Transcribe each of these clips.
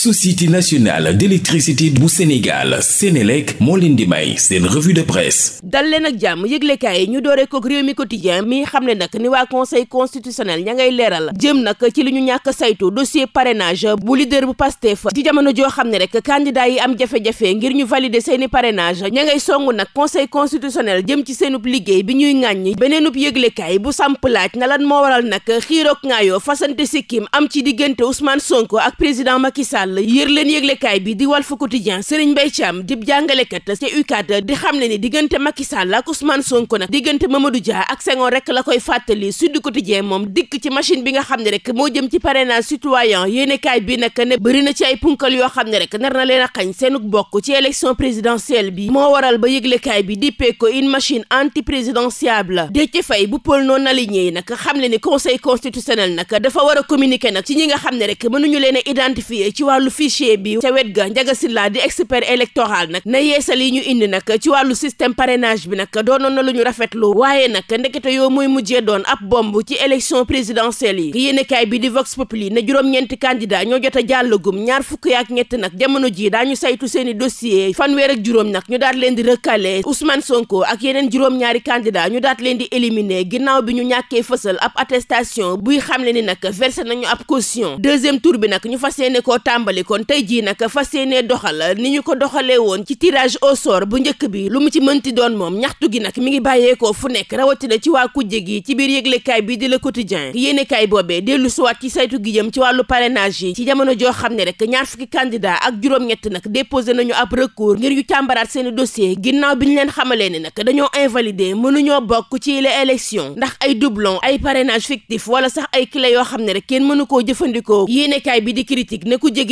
société nationale d'électricité bu Sénégal Sénélec moo leen di may seen revue de presse dal leen ak jàmm yëglekaay yi ñu dooree kook réew mi quotidien mi xam ne ni waa conseil constitutionnel ña ngay leeral jëm nag ci li ñu ñàkk saytu dossier parenage bu leader bu Pastef di jamono joo xam ne rek candidat yi am jafe-jafe ngir ñu validé seeni parenage ña ngay songu nag conseil constitutionnel jëm ci seenub liggéey bi ñuy ŋàññi beneenub yëglekaay bu samp laaj na lan moo waral nag xiiroog ngaayoo fasante sikkim am ci diggante Ousmane Sonko ak président Macky Sall yër leen yëglekaay bi di Walf Quotidien Serigne Mbaye Thiam dib jàngalekat ca UCAD di xam ne ni diggante Macky Sall ak Ousmane Sonko nag diggante Mamadou Dia ak Senghor rek la koy fàttali Sud Quotidien moom dikk ci machine bi nga xam ne rek moo jëm ci parrainage citoyen yéenekaay bi nag ne bëri na ci ay punkal yoo xam ne rek nar na leen a xañ seenuk bokk ci élection présidentielle bi moo waral ba yëglekaay bi dippee ko une machine anti présidentiable Déthié Faye bu pôle non aligné yi nag xam ne ni conseil constitutionnel nag dafa war a communiquer nag ñi nga xam ne rek mënuñu leen a identifier ci wàllu wàllu fichier bi ca wet ga nag na yeesal yi ñu indi nag ci wàllu système parrainage bi nag doonoon na lu ñu rafetlu waaye nag ndekete yoo muy mujjee doon ab bomb ci élection présidentielle yi yéenekaay bi di Vox Populi ne juróom-ñeenti candidat ñoo jot a jàllagum ñaar fukk yaak ñett nag jamono ji ñu saytu seeni dossier fanweer ak juróom nag ñu daat leen di recalé Ousmane Sonko ak yeneen juróom-ñaari candidat ñu daat leen di éliminé ginnaaw bi ñu ñàkkee fësal ab attestation buy xamle ni nag versé nañu ab caution deuxième tour bi nag ñu fas yéene koo tàmbali tàmbali kon tey jii nag fas yéenee doxal ni ñu ko doxalee woon ci tirage au sort bu njëkk bi lu mu ci mënti doon moom ñaxtu gi nag mi ngi bàyyeekoo fu nekk rawatina ci waa kujje gi ci biir yëglekaay bi di Le Quotidien yéenekaay boobee dellu suwaat ci saytu gi jëm ci wàllu parrainage yi ci jamono joo xam ne rek ñaar fukki candidat ak juróom-ñett nag déposé nañu ab recours ngir yu càmbaraat seeni dossier ginnaaw bi ñu leen xamalee ne nag dañoo invalider mënuñoo bokk ci les ndax ay doublon ay parrainage fictif sax ay clé yoo xam ne rek kenn mënu koo jëfandikoo yéenekaay bi di critique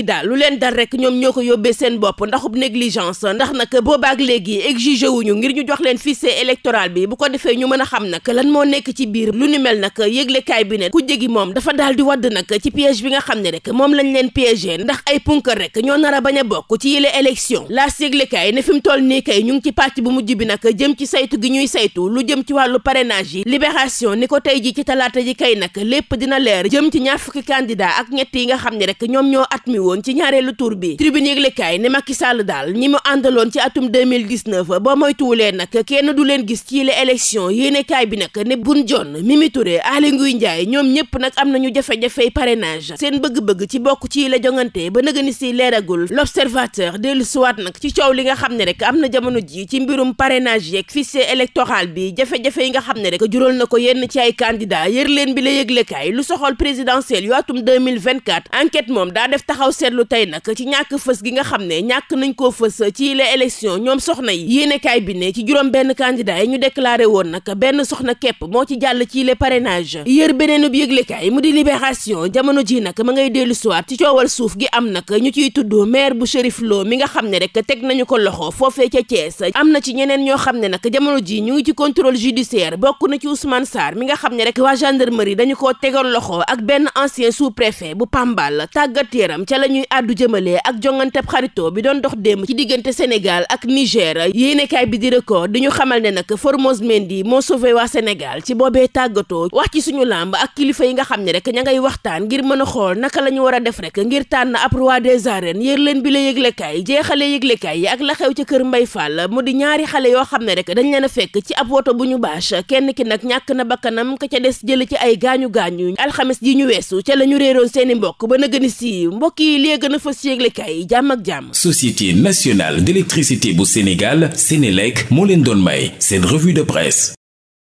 daal lu leen dal rek ñoom ñoo ko yóbbee seen bopp ndaxub négligence ndax nag boobaak léegi exigé wuñu ngir ñu jox leen fichier électoral bi bu ko defee ñu mën a xam nag lan moo nekk ci biir lu ni mel nag yëglekaay bi ne ku jégi moom dafa daal di wadd nag ci piège bi nga xam ne rek moom lañ leen piégé ndax ay punkër rek ñoo nar a bañ a bokk ci yile élection laas yëglekaay ne fi mu toll nii kay ñu ngi ci pàcc bu mujj bi nag jëm ci saytu gi ñuy saytu lu jëm ci wàllu parrainage yi libération ni ko tey ji ci talaata ji kay nag lépp dina leer jëm ci ñaar fukki candidat ak ñett yi nga xam rek ñoom ci ñaareelu tour bi tribune yëglekaay ne Macky Sall daal ñi mu àndaloon ci atum 2019 ba moytuwulee nag kenn du leen gis ci la élection yéenekaay bi nag ne Boun Dionne Mimi Touré Aly Ngouille ñoom ñëpp nag am na ñu jafe-jafey parrainage seen bëgg-bëgg ci bokk ci la jongante ba nëgëni si leeragul l'observateur dellu siwaat nag ci coow li nga xam ne rek am na jamono ji ci mbirum parrainage yeeg fichier électoral bi jafe-jafe yi nga xam ne rek jural na ko yenn ci ay candidat yër leen bi la yëglekaay lu soxol présidentiel yu atum 2024 enquête moom daa def taxaw seetlu tey nag ci ñàkk fës gi nga xam ne ñàkk nañ koo fës ci les élection ñoom soxna yi yéenekaay bi ne ci juróom benn candidat yi ñu déclaré woon nag benn soxna képp moo ci jàll ci les parrainages yër beneenub yëglekaay mu di libération jamono ji nag ma ngay dellu soir ci coowal suuf gi am nag ñu ciy tudd maire bu Chérif Lo mi nga xam ne rek teg nañu ko loxo foofee ca Thiès am na ci ñeneen ñoo xam ne nag jamono ji ñu ngi ci contrôle judiciaire bokk na ci Ousmane Sarr mi nga xam ne rek waa gendarmerie dañu koo tegoon loxo ak benn ancien sous-préfet bu Pambal tàggat yaram ñuy àddu jëmale ak jonganteb xaritoo bi doon dox démb ci diggante Sénégal ak Niger yéenekaay bi di record di ñu xamal ne nag Formose Mendy moo sauvé waa Sénégal ci boobee tàggatoo wax ci suñu làmb ak kilifa yi nga xam ne rek ña ngay waxtaan ngir mën a xool naka la ñu war a def rek ngir tànn ab roi des arènes yër leen bi la yëglekaay jeexale yëglekaay yi ak la xew ci kër Mbay Fall mu di ñaari xale yoo xam ne rek dañ leen a fekk ci ab woto bu ñu bâche kenn ki nag ñàkk na bakkanam ka ca des jële ci ay gaañu gaañu alxames ji ñu weesu la ñu réeroon seeni mbokk ba nëgëni si yi lee gën a fas yéegle kaay jàmm ak jàmm société nationale d'électricité bu Sénégal Sénélec moo leen doon may seen revue de presse